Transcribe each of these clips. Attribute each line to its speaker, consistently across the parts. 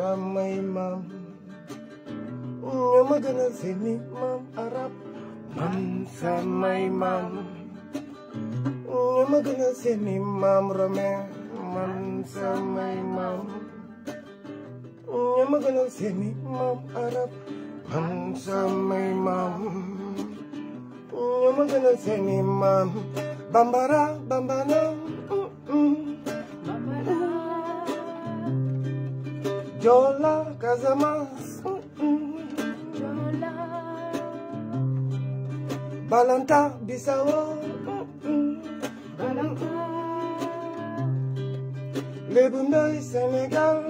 Speaker 1: samay maam ñoo ma gënal maam arab man samay maam ñoo ma gënal seeni maam romain man samay maam ñoo ma gënal seeni maam arab man samay maam ñoo ma gënal seeni maam bambara bambana Joola Casamance Joola mm, mm. Balanta Bissau Balanta mm, Lébu Ndooy Sénégal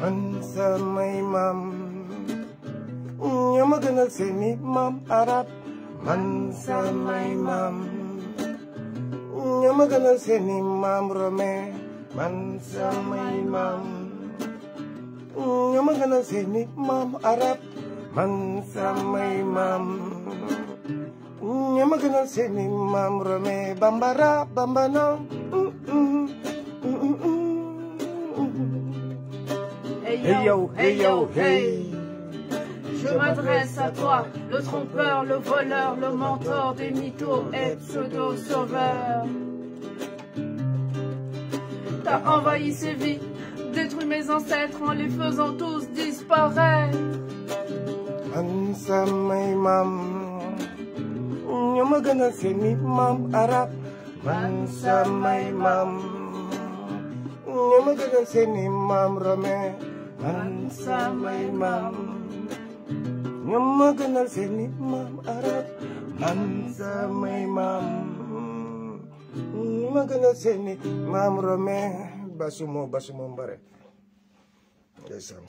Speaker 1: man samay maam ñoo ma gënal seeni maam arab man samay maam ma gënal seeni maam Je m'adresse à toi, le trompeur, le voleur, le mentor des mythos et pseudo-sauveurs a envahi ses vies, détruit mes ancêtres en les faisant tous disparaître. man samay maam ñoo ma gën a seeni maam arab. man samay maam ñoo ma gën a seeni maam Romain Basumo Basumo Mbare
Speaker 2: ndeysaan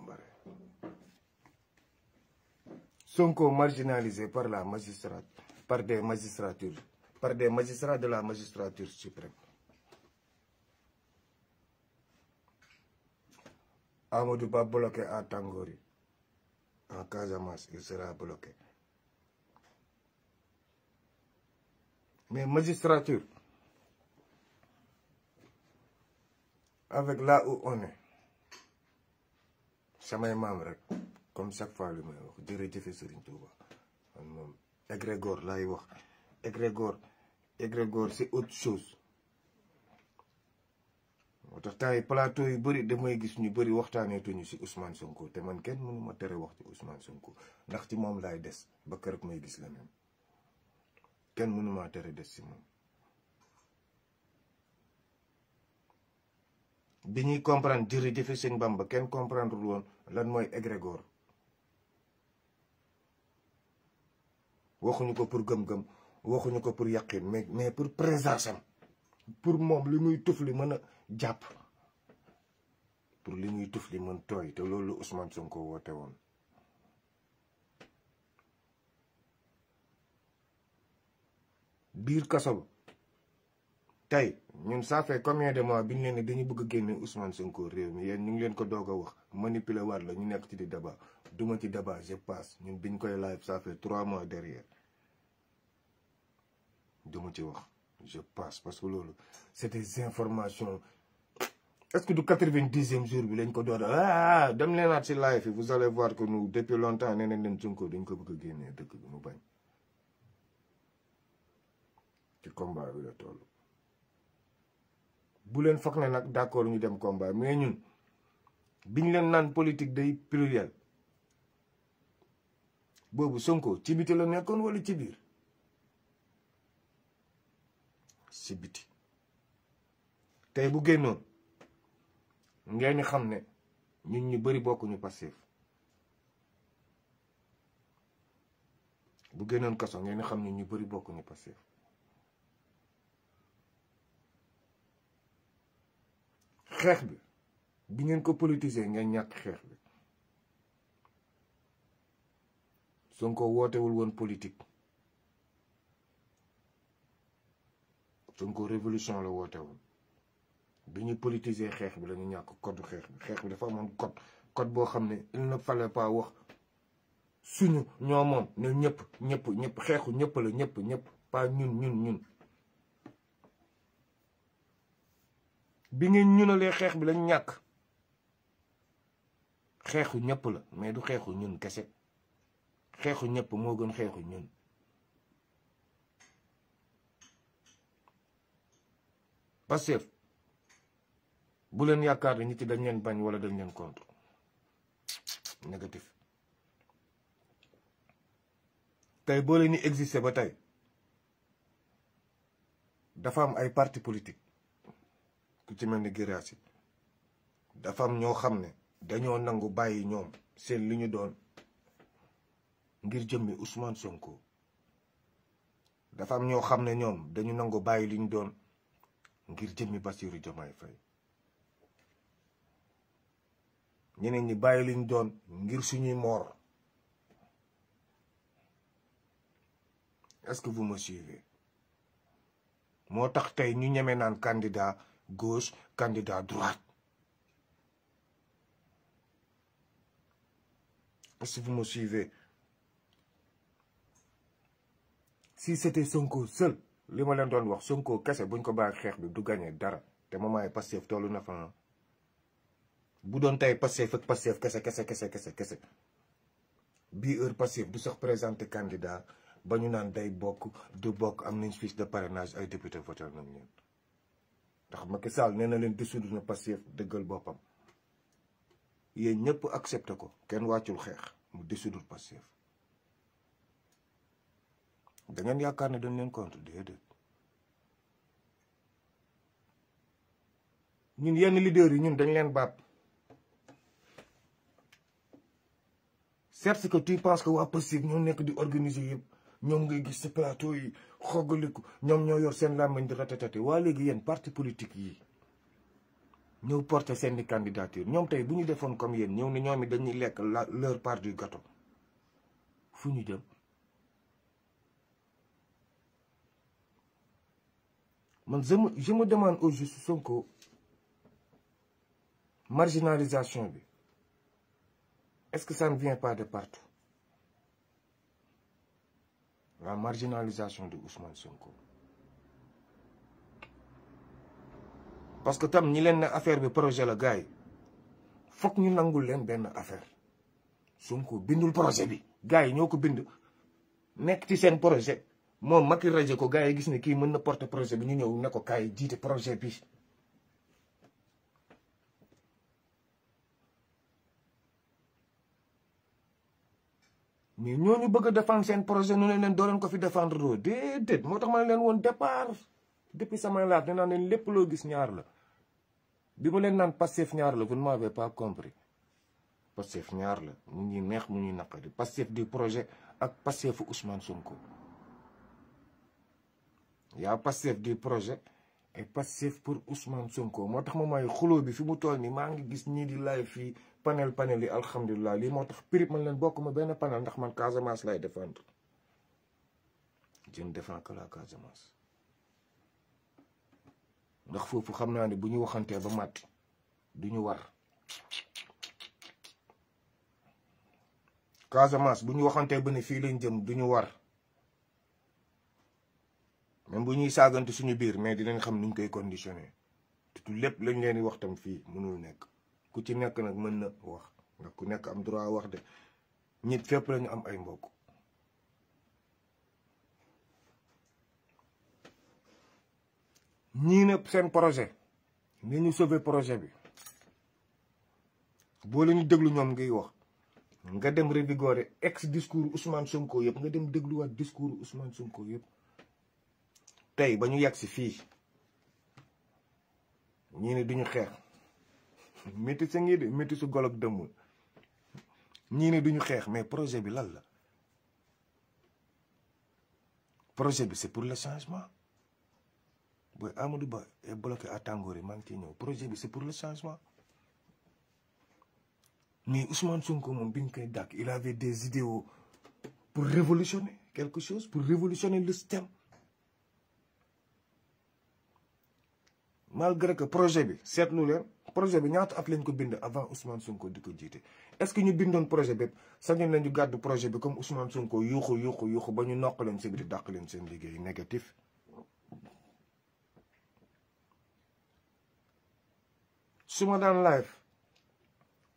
Speaker 2: Mbare Sonko marginalisé par la magistrature par des magistratures par des magistrats de la magistrature suprême Amadou Ba bloqué à Tangori en Casamance il sera bloqué mais magistrature avec la où on est samay maam rek comme chaque fois li may wax jërëjëfe Serigne Touba man moom égrégore laay wax égrégore égrégore c'est autre chose moo tax temps yi plateau yu bëri damay gis ñu bari bëri waxtaaneetuñu si Ousmane Sonko te man kenn mënuma tere wax ci Ousmane Sonko ndax ci moom laay des ba kër may gis la même kenn mënumaa tere des si moom bi ñuy comprendre jërëjëfe sëñ Bamba kenn comprendre lu woon lan mooy égrégore waxuñu ko pour gëm-gëm waxuñu ko pour yàqin mais mais pour présence pour moom li muy tuf li mën a jàpp pour li muy tuf li mën tooy te loolu Ousmane ko woote woon biir kaso ba tey ñun ça fait combien de mois bi ñu leen ne dañu bëgg a génne Ousmane Sonko réew mi yéen ñu ngi leen ko doog a wax manipuler waat la ñu nekk ci di débat duma ci débat je passe ñun biñ koy live ça fait trois mois derrière duma ci wax je passe parce que loolu c'est des informations est-ce que du quatre-vingt-dixième jour bi lañ ko door a ah, dem leenaat ci live yi vous allez voir que nous depuis longtemps nee nañ leen Sonko dañ ko bëgg a génne dëkk mu bañ ci combat la toll bu leen foog ne nag d'accord ñu dem kombaa mais ñun biñ leen naan politique day pluriel boobu Sonko ci biti la nekkoon wala ci biir ci biti tey bu génnoon ngeen xam ne ñun ñu bari bokkuñu passif bu génnoon kaso ngeen xam ne ñu bari bokkuñu passif xeex bi bi ngeen ko politiser ngeen ñàkk xeex bi Sonko wootewul woon politique Sonko révolution la woote woon bi ñu politiser xeex bi la ñu ñàkk code xeex bi xeex bi dafa amoon code code boo xam ne il ne fallait pas wax suñu ñoo moom ne ñëpp ñëpp ñëpp xeexu ñëpp ñëpp ñëpp pas ñun ñun ñun bi ngeen ñunalee xeex bi lañ ñàkk xeexu ñëpp la mais du xeexu ñun kese xeexu ñëpp moo gën xeexu ñun Pastef bu leen yaakaar ne nit yi dañ leen bañ wala dañ leen contre négatif tey boo leen di exister ba tey dafa am ay parti politique ku ci mel ni Guirassy dafa am ñoo xam ne dañoo nangu bàyyi ñoom seen li ñu doon ngir jëmmi Ousmane Sonko dafa am ñoo xam ne ñoom dañu nangu bàyyi li ñu doon ngir jëmmi Bassirou Diomaye Faye ñeneen ñi bàyyi li ñu doon ngir suñuy moor est-ce que vous me suivez moo tax tey ñu ñeme naan kandidaa gauche candidat droite si vous me suivez si c'était Sonko seul li ma leen doon wax Sonko kese buñ ko bàyyi xeex bi du gagné dara te moment yi Pastef tollu na fa ah. bu doon tey Pastef ak Pastef kese kese kese kese kese bii heure Pastef du sax présenté candidat ba ñu naan day bokk du bokk am nañ fiche de parenage ay député voté nañ leen ndax Macky Sall nee na leen dissoudre na Pastef dëggal boppam yéen ñëpp accepté ko kenn wàccul xeex mu dissoudre Pastef da ngeen yaakaar ne dañ leen contre déedéet ñun yenn leaders yi ñun dañ leen baab certes que tu penses que waa Pastef ñoo nekk di organiser yëpp ñoom ngay gis ci plateau yi xogaliku ñoom ñoo yor seen làmmiñ di ratatati waa léegi yéen parti politique yi ñëw porte seen i candidature ñoom tey bu ñu defoon comme yéen ñëw ne ñoom it dañuy lekk la leur part du gâteau fu ñu jëm man je me je me demande au juste Sonko marginalisation bi est-ce que ça ne vient pas de partout la marginalisation de Ousmane Sonko parce que tam ñi leen na affaire bi projet la gars yi foog ñu nangul leen benn affaire Sonko bindul projet bi gars yi ñoo ko bind nekk ci seen projet moom Macky rajo ko gars yi gis ne kii mën na porter projet bi ñu ñëw ne ko kaay jiite projet bi mais ñooñu bëgg a défendre seen projet ñu ne leen doo ko fi défendre doo déedéet moo tax ma ne leen woon départ depuis sama laaj nee naa leen lépp loo gis ñaar la bi ma leen naan Pastef ñaar la vous ne m'avez pas compris Pastef ñaar la mu ñuy neex mu ñuy naqari Pastef di projet ak Pastef Ousmane Sonko yaa Pastef du projet et Pastef pour Ousmane Sonko moo tax ma may xuloo bi fi mu toll nii maa ngi gis ñii di live fii panel panel yi alhamdulilah lii moo tax prix man leen bokk ma benn panel ndax man Casamance lay défendre je ne défends que la Casamance ndax foofu xam naa ne bu ñuy waxantee ba màtt du ñu war Casamance bu ñu waxantee ba ne fii lañ jëm du ñu war même bu ñuy saagante suñu biir mais dinañ xam nuñ koy conditionné te lépp lañ leen di wax tam fii mënul nekk. ku ci nekk nag mën na wax ndax ku nekk am droit wax de nit fépp lañu am ay mbokk ñii ne seen projet ne ñu sauver projet bi boo leen ñu ñoom ngiy wax nga dem revigorer ex discours Ousmane Sonko yëpp nga dem dégluwaat discours Ousmane Sonko yëpp tey ba ñu yàgg si fii ñii ne duñu xeex métis a ngi de métisu golo ak dëmm ñii ne ñu xeex mais projet bi lan la projet bi c'est pour le changement booy Amadou Ba est bloqué à Tangori maa ngi ciy ñëw projet bi c'est pour le changement mais Ousmane Sonko moom bi ñu koy dàkk il avait des idéaux pour révolutionner quelque chose pour révolutionner le système malgré que projet bi seetlu leen projet bi ñaata at lañ ko bind avant Ousmane Sonko di ko jiite est-ce que ñu bindoon projet bépp sañoon nañu gàddu projet bi comme Ousmane Sonko yuuxu yuuxu yuuxu ba ñu noq leen si biir dàq leen seen liggéey négatif. su ma daan live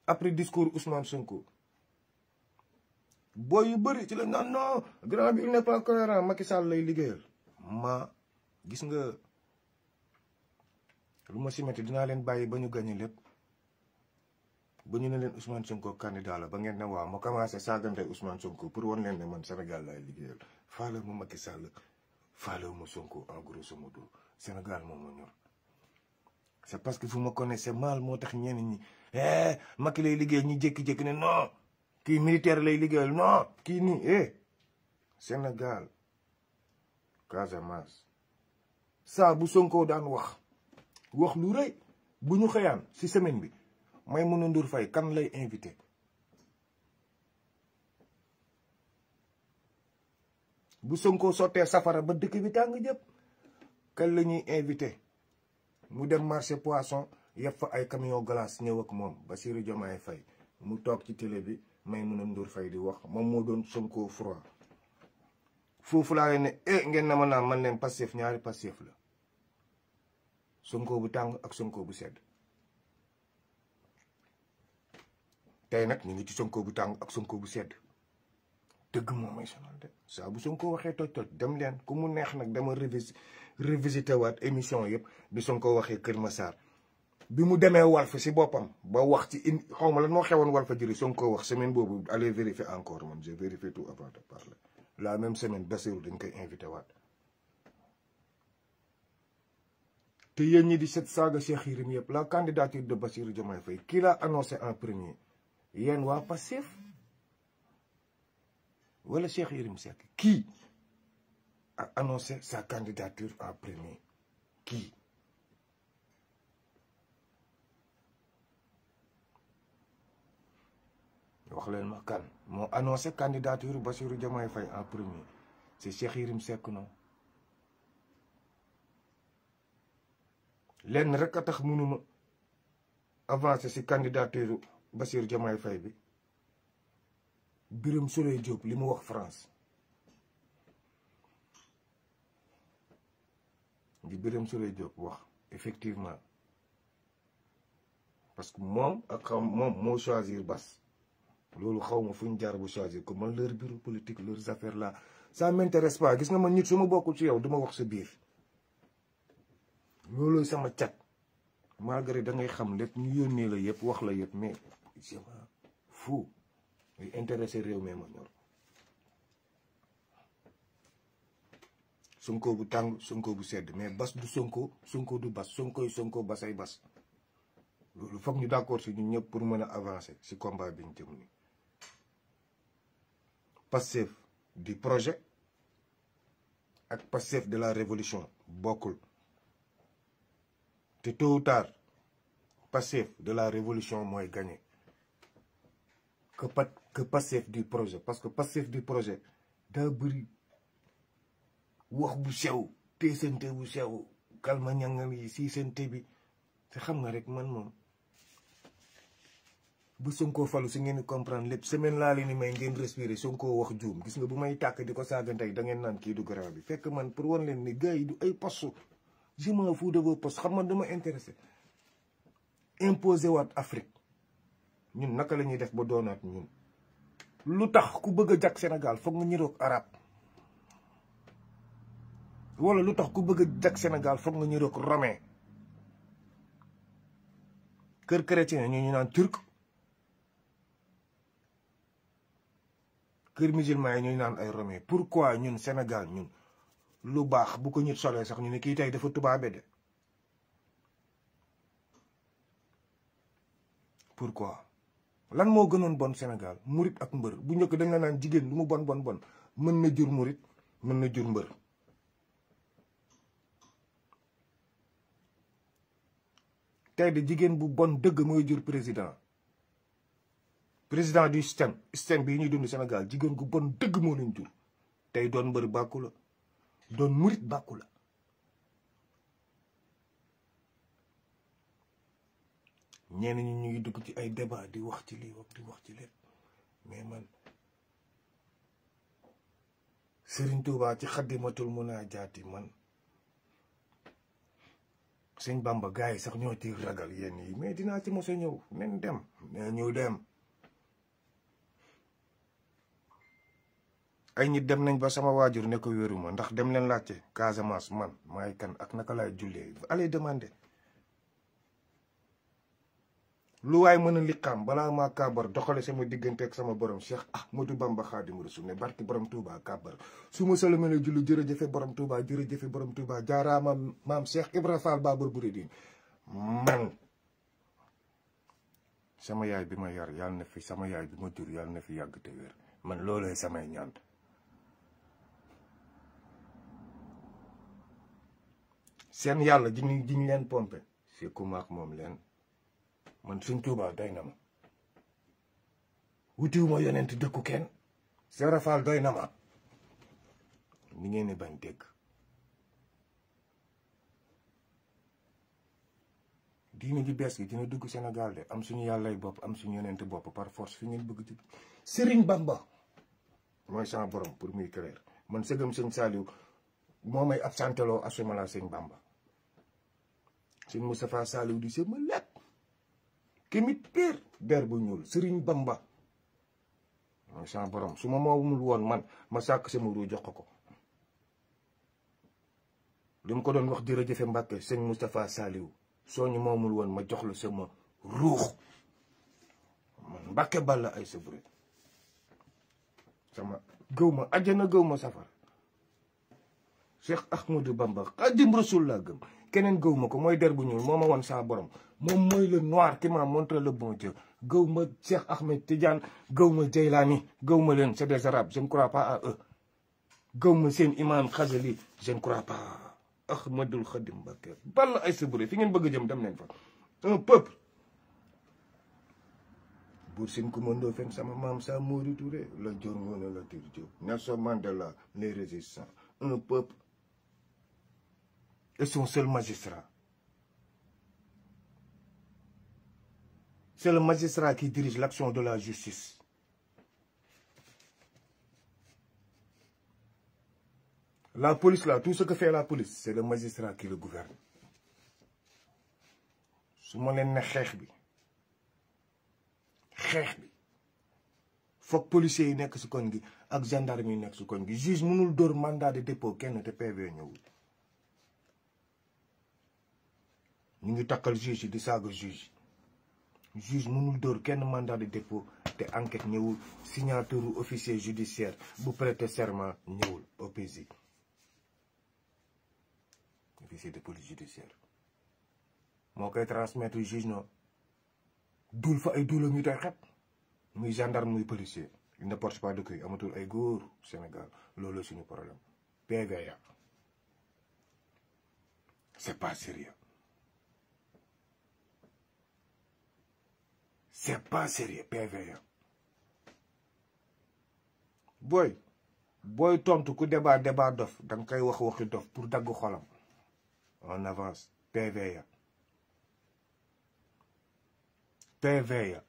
Speaker 2: après discours Ousmane Sonko booy yu bëri ci la naan non grand bi il n'est pas cohérent Macky lay liggéeyal ma gis nga. lu ma si metti dinaa leen bàyyi ba ñu gagné lépp ba ñu ne leen Ousmane Sonko candidat la ba ngeen ne waaw ma commencé saagante Ousmane Sonko pour wan leen ne man Sénégal laay liggéeyal faale ma Macky Sall faale ma Sonko en grosso Sénégal moom ma ñor c'est parce que vous me connaissez mal moo tax ñenn ñi eh lay liggéey ñu jékki-jékki ne non kii militaire lay liggéeyal kii nii eh saa bu Sonko daan wax. wax lu rëy bu ñu xëyaan ci semaine bi may a Ndour fay kan lay invité bu Sonko sottee safara ba dëkk bi tàng jëpp kan la ñuy invité mu dem marché poisson yëpp fa ay camion glace ñëw ak moom Bassirou Diomaye Faye mu toog ci télé bi mun Maimouna Ndour fay di wax moom moo doon Sonko froid foofu laa leen ne eh ngeen na ma naan man leen passif ñaari passif la sonko bu tàng ak sonko bu sedd tey nag ñu ngi ci sonko bu tàng ak sonko bu sedd dëgg moom mooy sonal de saa bu sonko waxee toj dem leen ku mu neex nag dama révis révisité waat émission yëpp bi sonko waxee Kër ma Massar bi mu demee Walf si boppam ba wax ci in xaw ma lan moo xewoon Walfadjri Sonko wax semaine boobu allez vérifier encore man j'ai vérifié tout avant de parler la même semaine Bassirou dañ koy invité waat te yéen ñi di set saaga Cheikh Yérim yëpp la candidature de Bassirou Diomaye Faye qui l'a annoncé en premier yéen waa Pastef wala Cheikh Yérim Seck qui a annoncé sa candidature en premier qui wax leen ma kan moo annoncé candidature Bassirou Diomaye Faye en premier si Cheikh Yérim Seck non lenn rek a tax mënuma avancer ci candidature Bassirou Diomaye Faye bi Birame Souleye Diop li mu wax France di Birame Souleye Diop wax effectivement parce que moom ak xaw moom moo choisir Bass loolu xaw ma fu ñu jaar bu choisir ko man leur bureau politique leurs affaires là ça m'intéresse gis nga man nit su ma bokkul ci yow du ma wax sa biir loolooy sama cat malgré da ngay xam lépp ñu yónnee la yëpp wax la yëpp mais c'est fou muy réew mi ma ñor sonko bu tàng sonko bu sedd mais bas du sonko sonko du bas sonkoy sonko basay bas loolu foog ñu d'accord si ñun ñëpp pour mën a avancer si combat bi ñu jëm ni Pastef di projet ak Pastef de la révolution bokkul te tôt ou tard Pastef de la révolution mooy gagné que pas que Pastef du projet parce que Pastef du projet daa bëri wax bu sew teesante bu sew kalma ñangal yi si sente bi te xam nga rek man moom bu Sonko falu si ngeen di comprendre lépp semaine laa leen ni may ngeen respirer Sonko wax juum gis nga bu may tàkk di ko saagante da ngeen naan kii du garaaw bi fekk man pour war leen ni gars yi du ay postu je m'en fous de xam man dama intéressé imposé waat Afrique ñun naka lañuy def ba doonaat ñun lu tax ku bëgg a jag Sénégal foog nga ñiroog arab lu tax ku bëgg a foog nga ñiroog romain kër chrétien ñu ñu naan turc kër musulman yi ñu naan ay romain pourquoi ñun Sénégal ñun lu baax bu ko ñu solee sax ñu ne kii tey dafa tubaabe de pourquoi lan moo gënoon bon Sénégal murit ak mbër bu njëkk dañ la naan jigéen lu mu bon bon bon mën na jur murit mën na jur mbër tey de jigéen bu bon dëgg mooy jur président président du système système bi ñuy dund Sénégal jigéen gu bon dëgg moo leen jur tey doon mbër bàkku la doon murit bàkku la ñenn ñi ñu ngi dugg ci ay débat di wax ci lii wax di wax ci lépp mais man Serigne Touba ci xaddimatul mun naa jaati man sëñ Bamba gars yi sax ñoo ci ragal yenn yi mais dinaa ci mos a ñëw nen dem. mais ñu dem. ay nit dem nañ ba sama waajur ne ko wéeru ma ndax dem leen laajte Casamance man maay kan ak naka laay jullee allez demande lu waay mën a liqaam balaa maa kàbbar doxale sama diggante ak sama borom Cheikh Ahmadou Bamba Xaadimu Rasul ne barki borom tuubaa kàbbar su ma sëlëmee ne julli jërëjëfe borom Touba jërëjëfe borom Touba jaaraama maam seex Ibra Fall bu Muridiin man sama yaay bi ma yar yàlla na fi sama yaay bi ma jur yàlla na fi yàgg te wér seen yàlla ji ñu ji leen pompe ku maak moom leen man suñ tuubaa doy na ma wutiwuma yonent dëkku kenn seerafaal doy na ma ni ngeen ne bañ dégg diine ji bees gi dina dugg Sénégal de am suñu yàllay bopp am suñu yonent bopp par force fi ngeen bëgg ci Sëriñ Bamba mooy sama borom pour muy créer man sëgam sëñ Saliou moo may absenteloo assumala sëñ Bamba sëñ Moustapha Saliou di sama lépp ki mit piir bu ñuul sëriñ Bamba mooy borom su ma moomul woon man ma sàkk sama ruu jox ko li mu ko doon wax jërëjëfe Mbàkke sëñ Moustapha Saliou soo ñu moomul woon ma jox la sama ruux man Mbàkke balla ay sabre sama gëw ma àjjana gëw safar Cheikh Ahmadou Bamba Xadim Rasul laa gëm keneen gëw ma ko mooy der bu ñuul moo ma won sa borom moom mooy le noir qui m'a montré le bon Dieu gëw ma Cheikh Ahmed Tidiane gëw ma Jeylaani gëw ma leen c'est des arabes je ne crois pas à eux gëw ma seen imam Xazali je ne crois pas Ahmadul Xadim Mbakke ay sabure fi ngeen bëgg jëm dem leen fa un peuple buur sin ku mandoo fen sama maam sa Mori Touré la jor ngoona la tur Diop Nelson Mandela les résistants un peuple et son seul magistrat. C'est le magistrat qui dirige l'action de la justice. La police, là, tout ce que fait la police, c'est le magistrat qui le gouverne. su ma leen ne xeex bi xeex bi foog policiers yi nekk si kon gi ak gendarme yi nekk si koñ gi juge mënul dóor mandat de dépôt kenn te PV e ñëwul ñu ngi takkal juge yi di saaga juge juge mënul dóor kenn mandat de dépôt te enquête ñëwul signature officier judiciaire bu prêter serment ñëwul OPJ officier de police judiciaire moo koy transmettre juge non dul fa ay duulam ñu tey xet muy gendarme muy policier il ne porte pas de kuy amatul ay góor Sénégal loolu suñu problème PVA c'est pas sérieux C'est pas PV yow booy booy tontu ku débat débat dof danga koy wax waxi dof pour dagg xolam en avance PV ya PV ya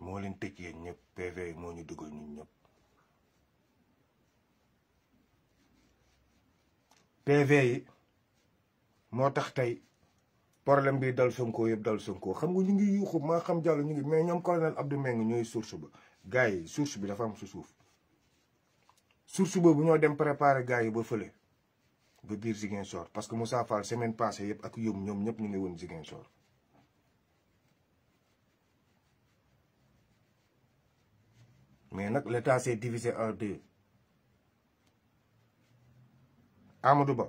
Speaker 2: moo leen tëj yéen ñëpp PV ya moo ñu dugal ñun ñëpp PV yi moo tax tey problème bi dal Sonko yëpp dal Sonko xam nga ñu ngi yuuxu maa xam jàll ñu ngi mais ñoom colonel Abdou Mbengue ñooy source ba gars yi source bi dafa am su suuf source boobu ñoo dem préparer gars yi ba fële ba biir Ziguinchor parce que Moussa Fall semaine passée yëpp ak yóbbu ñoom ñëpp ñu ngi woon Ziguinchor mais nag l'état s'est divisé en deux Ba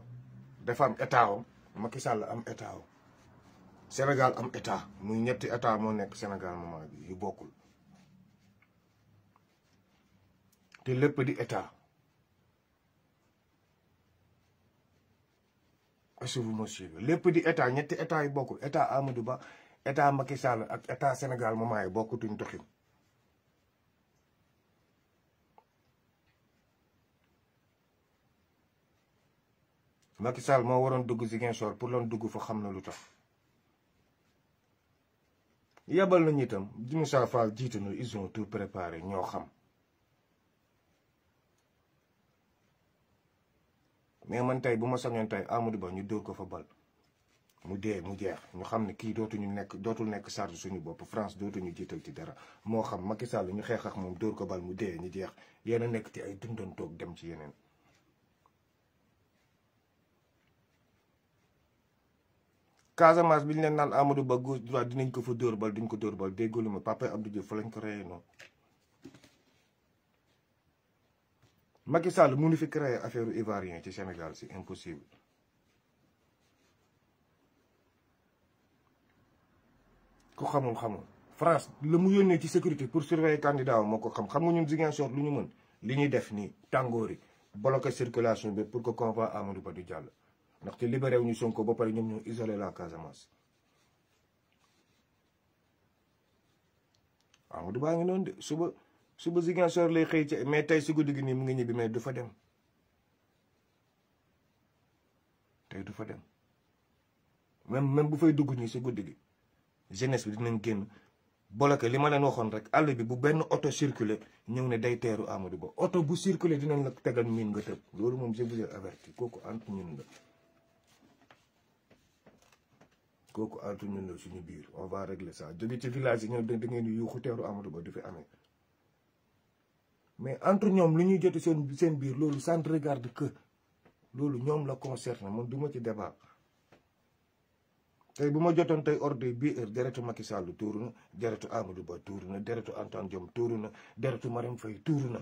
Speaker 2: dafa am état am Macky Sall am état Sénégal am état muy ñetti état moo nekk Sénégal moment bi yu bokkul te lépp di état assure monsieur bi lépp di état ñetti état yu bokkul état Amadou Ba état Macky Sall ak état Sénégal moment yi bokkutuñ doxin Macky Sall moo waroon dugg Ziguinchor pour loon dugg fa xam na lu tax yebal nañu itam Moussa Fall jiitu na ils ont tout préparé ñoo xam mais man tey bu ma sañoon tey Amadou Ba ñu dóor ko fa bal mu dee mu jeex ñu xam ne kii dootuñu nekk dootul nekk charge suñu bopp France dootuñu jiital ci dara moo xam Macky Sall ñu xeex ak moom dóor ko bal mu dee ñu jeex yéen nekk ci ay dundantoog dem ci yeneen. Casamance bi ñu leen naan Amadou Ba gauche droite dinañ ko fa dóor ba duñ ko dóor bal déggoolu ma Papa Abdou Diouf fa lañ ko reyee noonu Macky Sall mënu fi créer affaire ivoirien ci Sénégal c'est impossible ku xamul xamul France la mu yónnee ci sécurité pour surveiller candidat moo ko xam xam nga ñun Ziguinchor lu ñu mën li ñuy def nii tàngoori bloqué circulation bi pour ko convoi Amadou Ba du jàll ndaxte libéré wu ñu Sonko ba pare ñoom ñoo isolé la Casamance. Ah, Amadou Ba ngi noonu suba suba Ziguinchor lay xëy ci mais tey si guddi gi nii mu ngi ñibbi mais du fa dem tey du fa dem même même bu fay dugg nii si guddi gi jeunesse bi dinañ génn. boloke li ma leen waxoon rek àll bi bu benn oto circulé ñëw ne day teeru Amadou Ba oto bu circulé dinañ la tegal miin nga tëb loolu moom je vous ai averti kooku ant ñun la kooku entre ñun la suñu biir on va régler ça jóge ci village yi ñoom da ngeen di yuuxu teeru Amadou Ba du fi amee mais entre ñoom lu ñuy joti seen seen biir loolu ça ne que loolu ñoom la concerne man du ma ci débat tey bu ma jotoon tey ordre bi heure deretu Macky Sall tuuru na deretu Amadou Ba tuuru na deretu Antoine Diome tuuru na deretu Marème Faye tuuru na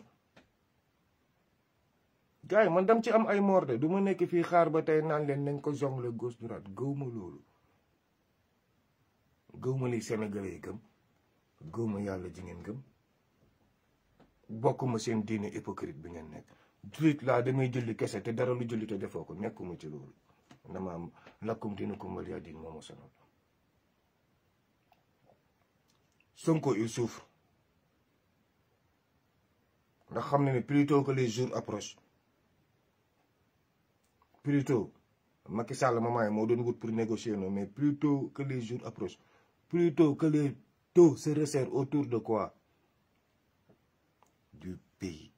Speaker 2: gars yi man dam ci am ay morde du ma nekk fii xaar ba tey naan leen nañ ko jongle gauche droite gëw ma loolu gëwma li Sénégalais yi gëm gëwma yàlla ji ngeen gëm bokkuma seen diine hypocrite bi ngeen nekk jullit laa damay julli kese te dara lu julli te defoo ko nekkuma ci loolu dama am lakkum diinukum waliya diin moo ma sonal Sonko il souffre ndax xam ne ne plutôt que les jours approchent plutôt Macky Sall moment yi moo doon wut pour négocier non mais plutôt les jours approchent plutôt que les taux se resserrent autour de quoi du pays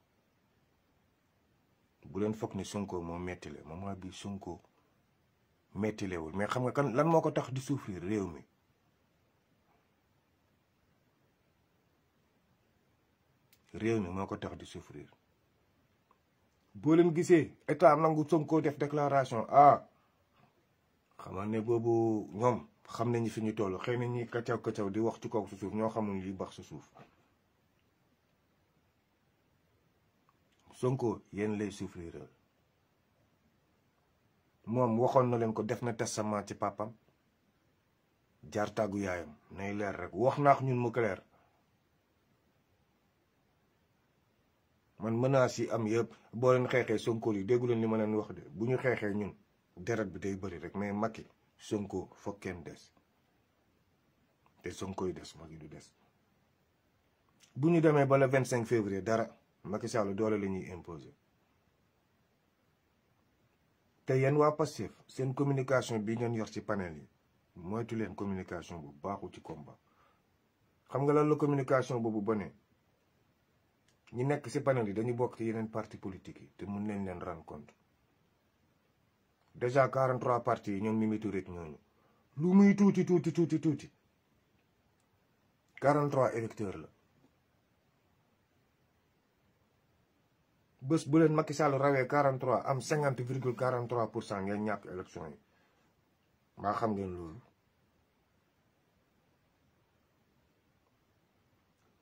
Speaker 2: bu leen foog ne Sonko moo mettile moment bi Sonko mettilewul mais xam nga kan lan moo ko tax di souffrir réew mi réew mi moo ko tax di souffrir boo leen gisee état nangu Sonko def déclaration ah xamal ne boobu ñoom xam nañu fi ñu toll xëy na ñuy kacaw kacaw di wax ci kaw si suuf ñoo xamul li baax si suuf Sonko yéen lay souffrir moom waxoon na leen ko def na testament ci pàppam jaar tàggu yaayam nay leer rek wax naax ñun mu clair man menaces yi am yëpp boo leen xeexee Sonko yi déggu leen li ma leen wax de bu ñu xeexee ñun deret bi day bëri rek mais Macky Sonko foog des te Sonkoy des Macky du des bu ñu demee ba le vingt cinq février dara Macky Sall doole la ñuy imposer te yéen waa Pastef seen communication bi ngeen yor si panel yi moytu leen communication bu baaxu ci combat xam nga lan la communication boobu ba ñi nekk ci panel yi dañu bokk ci yeneen parti politique yi te mun leen leen rendre compte déjà 43 partis yi ñoom Mimi Touré ñooñu lu muy tuuti tuuti tuuti tuuti 43 électeurs la bés bu leen Macky Sall rawee 43 am 50 virgule 43 pour cent ngeen ñàkk élection yi maa xam ngeen loolu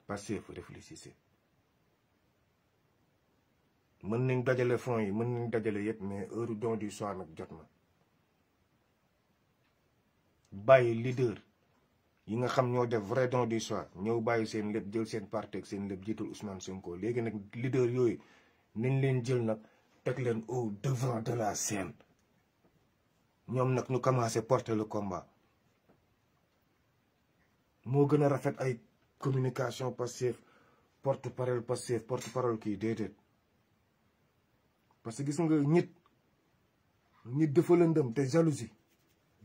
Speaker 2: passez vous réfléchissez mën nañ dajale fonds yi mën nañ dajale yëpp mais heure don du soir nag jot na bàyyi leader yi nga xam ñoo def vrai don du soir ñëw bàyyi seen lépp jël seen parti ak seen lépp jiital Ousmane Sonko léegi nag leader yooyu nañ leen jël nag teg leen au devant de la scène ñoom nag ñu commencé porter le combat moo gën a rafet ay communication passive porte parole passive porte parole kii déedéet. parce que gis nga nit nit dafa lëndëm te jalousie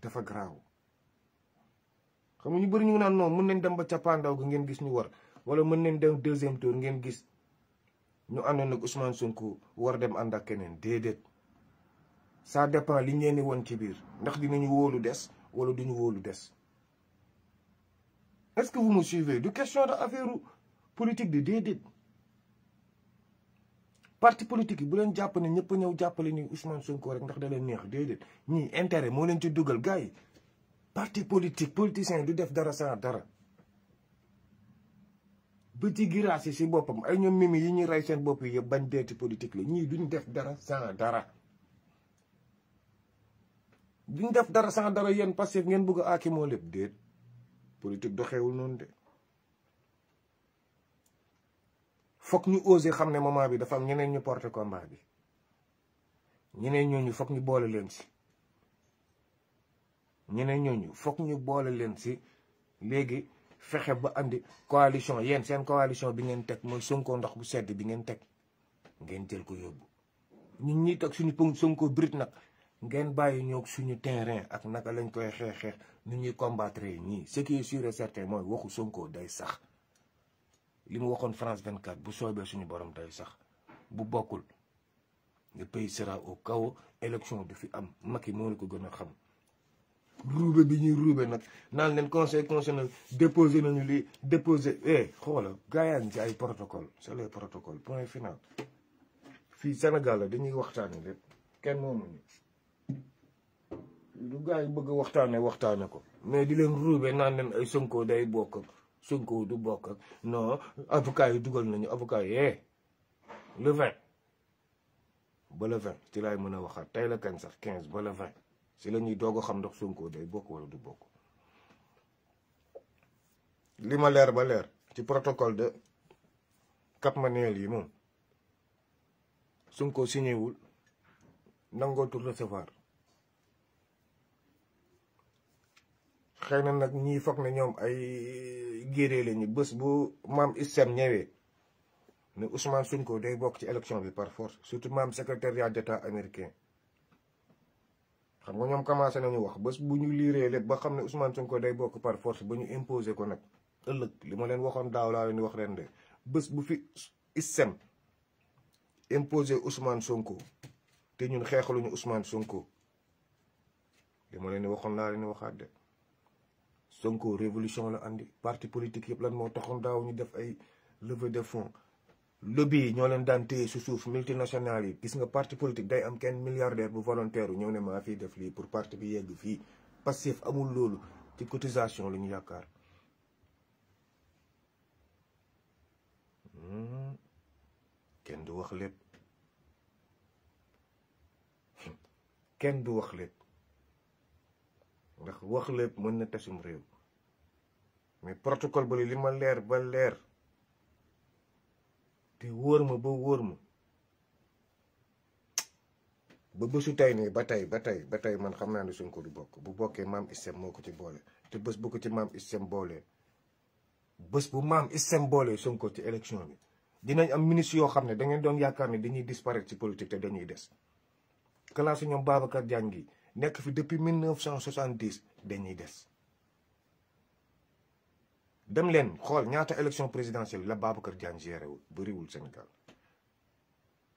Speaker 2: dafa garaaw xam nga ñu bari ñu ngi naan non mën nañ dem ba cappaandaw gi ngeen gis ñu war wala mën nañ dem deuxième tour ngeen gis ñu àndoon ak Ousmane Sonko war dem ànd ak keneen déedéet ça dépend li ñu leen di won ci biir ndax dinañu wóolu des wala duñu wóolu des. est-ce que vous me suivez du question de affaire politique de déedéet. parti politique yi bu leen jàpp ne ñëpp a ñëw jàppale ni Ousmane Sonko rek ndax da leen neex déedéet ñii intérêt moo leen ci dugal gaay yi parti politique politicien du def dara saa dara. ba ci giraas yi boppam ay ñoom mimi yi ñuy rey seen bopp yi yëpp bañ deeti politique la ñii duñ def dara sans dara. duñ def dara sans dara yéen parce que ngeen bëgg a aaki moo lépp déet politique doxewul noonu de. foog ñu oser xam ne moment bi dafa am ñeneen ñu porter combat bi ñeneen ñu foog ñu boole leen ci ñeneen ñooñu foog ñu boole leen si léegi fexe ba andi coalition yéen seen coalition bi ngeen teg mooy Sonko ndox bu sedd bi ngeen teg ngeen jël ko yóbbu ñun ñi teg suñu pont Sonko brut nag ngeen bàyyi ñoog suñu terrain ak naka lañ koy xeex xeex nu ñuy combattre ñii ce qui est sûr certain mooy waxu Sonko day sax. li mu waxoon France 24 bu soobee suñu borom day sax bu bokkul nga pays sera au chaos élection du fi am Macky moo ko gën a xam. ruube bi ñuy ruube nag naan leen conseil constitutionnel déposé nañu lii déposé eh xoola gaayaan ci ay protocole c'est les protocoles point final. fii Sénégal la dañuy waxtaane lépp kenn moom lu gars yi bëgg waxtaane waxtaane ko mais di leen ruube naan leen ay Sonko day bokk. Sonko du bokk ak non avocat yi dugal nañu avocat yi eh, le vingt ba le vingt ci laay mën a waxaat tey la kañ sax quinze ba le vingt si la ñuy doog xam ndax sunkoo day bokk wala du bokk li ma leer ba leer ci protocole de Cap Manuel yi moom Sonko signé wul nangootul recevoir xëy na nag ñii foog na ñoom ay géeree lañu bës bu maam ISEM ñëwee ne Ousmane Sonko day bokk ci élection bi par force surtout maam secrétariat d'état américain xam nga ñoom commencé nañu wax bés bu ñu liiree leen ba xam ne Ousmane Sonko day bokk par force ba ñu imposer ko nag ëllëg li ma leen waxoon daal laa leen wax ren de bës bu fi ISEM imposé Ousmane Sonko te ñun xeexaluñu Ousmane Sonko li ma leen waxoon laa leen waxaat de. Sonko révolution la andi parti politique yëpp lan moo taxoon daaw ñu def ay levée de fonds lobby yi ñoo leen daan téye su suuf multinationale yi gis nga parti politique day am kenn milliardaire bu volontaire ñëw ne maa fii def lii pour parti bi yegg fii passif amul loolu ci cotisation lu ñu yaakaar hmm, kenn du wax lépp kenn du wax lépp ndax wax lépp mën na tasum réew mais protocole ba li ma leer ba leer te wóor ma ba wóor ma ba bésu tey nii ba tey ba tey ba tey man xam naa ne suñ ko du bokk bu bokkee maam isem moo ko ci boole te bës bu ko ci maam isem boole bés bu maam isem boole sunkoo ci élection bi dinañ am ministre yoo xam ne da ngeen doon yaakaar ne dañuy disparaître ci politique te dañuy des. kalaasu ñoom Babacar Diagne gi nekk fi depuis 1970 dañuy des dem leen xool ñaata élection présidentielle la Babacar Diagne géré wul bëriwul Sénégal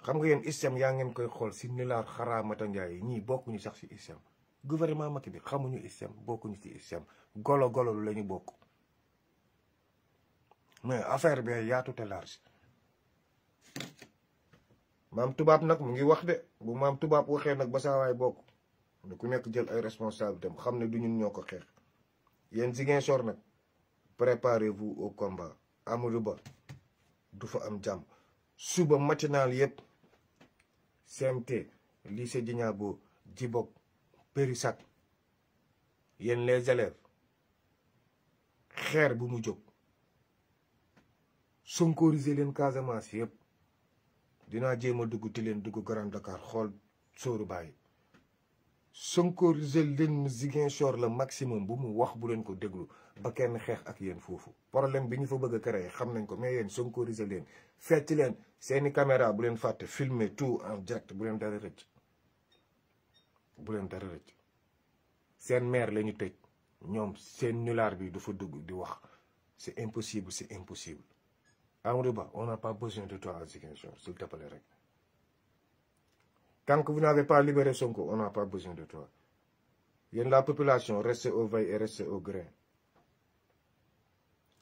Speaker 2: xam nga yéen ISEM yaa ngeen koy xool si nilaar xaraamata njaay yi ñii bokkuñu sax si ISEM gouvernement Macky bi xamuñu ISEM bokkuñu si ISEM golo golo la ñu bokk mais affaire bi yaatu te large maam tubaab nag mu ngi wax de bu maam tubaab waxee nag ba saa waay bokk ne ku nekk jël ay responsabilité am xam ne du ñun ñoo ko xeex yéen Ziguinchor nag préparez-vous au combat Amadou Ba du fa am jàmm suba matinal yëpp CMT lycée Djignabo Djibok Périssac yéen les élèves xeer bu mu jóg sonkoriser leen Casamance yëpp dinaa jéem a dugg ti leen dugg Grand Dakar xool sóoru sonkoriser leen Ziguinchor la maximum bu mu wax bu leen ko déglu ba kenn xeex ak yéen foofu problème bi ñu fa bëgg a créer xam nañ ko mais yéen sonkoriser leen fecc leen seeni caméra bu leen fàtte filme tout en direct bu leen dara rëcc bu leen dara rëcc seen maire la ñu tëj ñoom seen nulaar bi du fa dugg di wax c'est impossible c'est impossible Amadou Ba on n'a pas besoin de toi à Ziguinchor s'il te plaît rek Tant que vous n'avez pas libéré Sonko, on n'a pas besoin de toi. yéen la population restez au veilles et restez au grain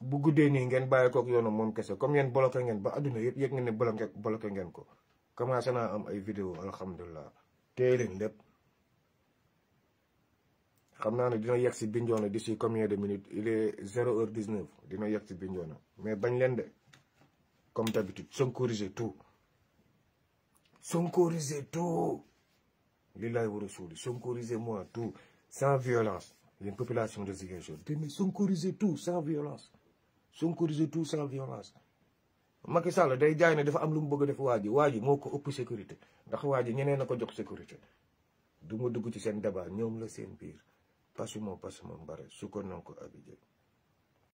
Speaker 2: bu guddee nii ngeen bàyyi kook yoonu moom kese comme yéen bloqué ngeen ba adduna yëpp yëg ngeen ne bloqué bloqué ngeen ko commencé naa am ay vidéo alhamdulilah téye leen lépp xam naa ne dina yegg si Bignona d'ici combien de minutes il est zéro heure dix-neuf dina yegg si Bignona mais bañ leen de comme d'habitude sont corrigé tout sonkoriser tout lillahi wa rasuli sonkoriser moi tout sans violence yéen population de Ziguinchor te mais sonkoriser tout sans violence sonkoriser tout sans violence Macky Sall day jaay ne dafa am lu mu bëgg a def waa ji waa ji moo ko ëpp sécurité ndax waa ji ñeneen a ko jox sécurité du ma dugg ci seen débat ñoom la seen biir pasuma pasuma mbare su ko non ko abidjan